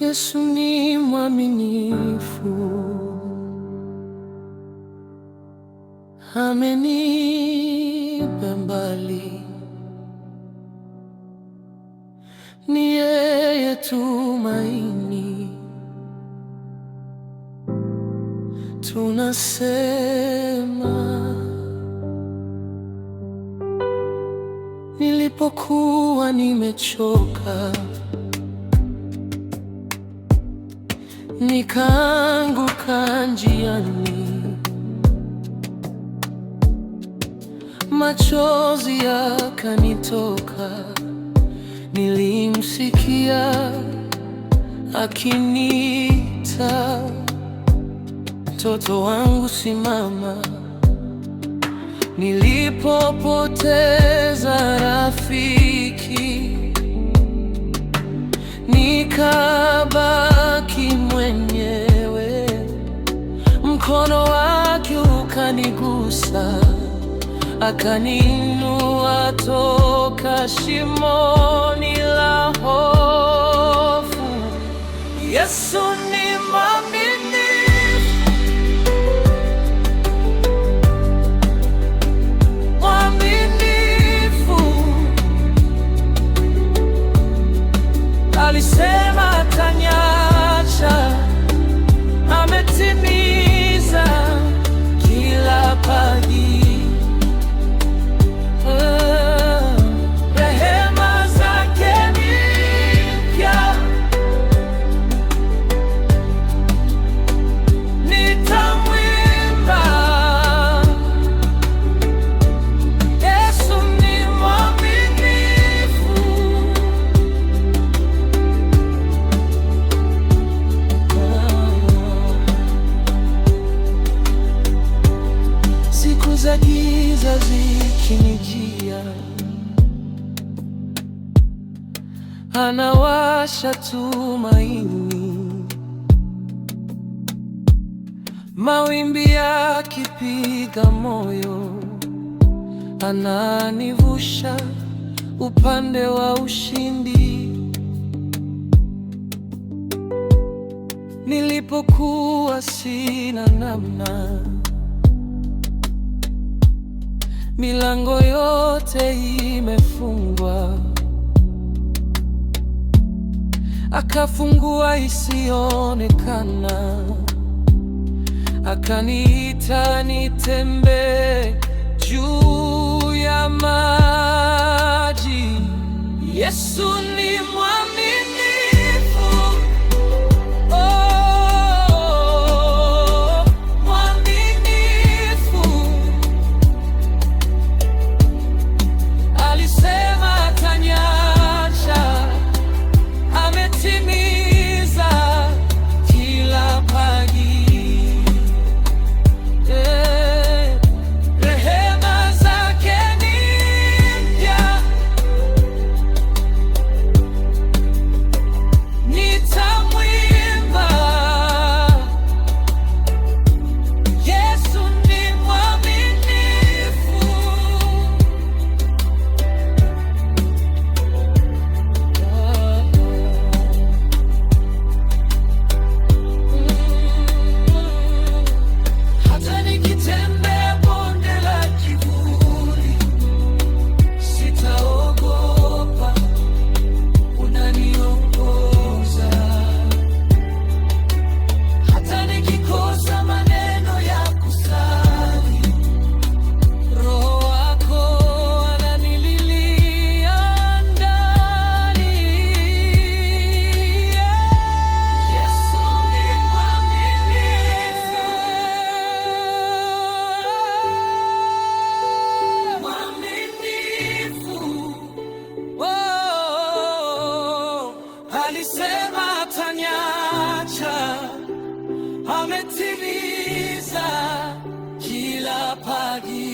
Yesu ni mwaminifu, amenipa mbali. Ni yeye tumaini, tunasema nilipokuwa nimechoka, nikaanguka njiani, machozi yakanitoka, nilimsikia akiniita, mtoto wangu simama nilipopoteza rafiki, nikabaki mwenyewe, mkono wake ukanigusa, akaninua toka shimoni la hofu. Yesu ni za giza zikinijia, anawasha tumaini, mawimbi yakipiga moyo, ananivusha upande wa ushindi. Nilipokuwa sina namna milango yote imefungwa, akafungua isiyoonekana, akaniita nitembee juu ya maji. Yesu ni mwamini September. ametimiza kila pagi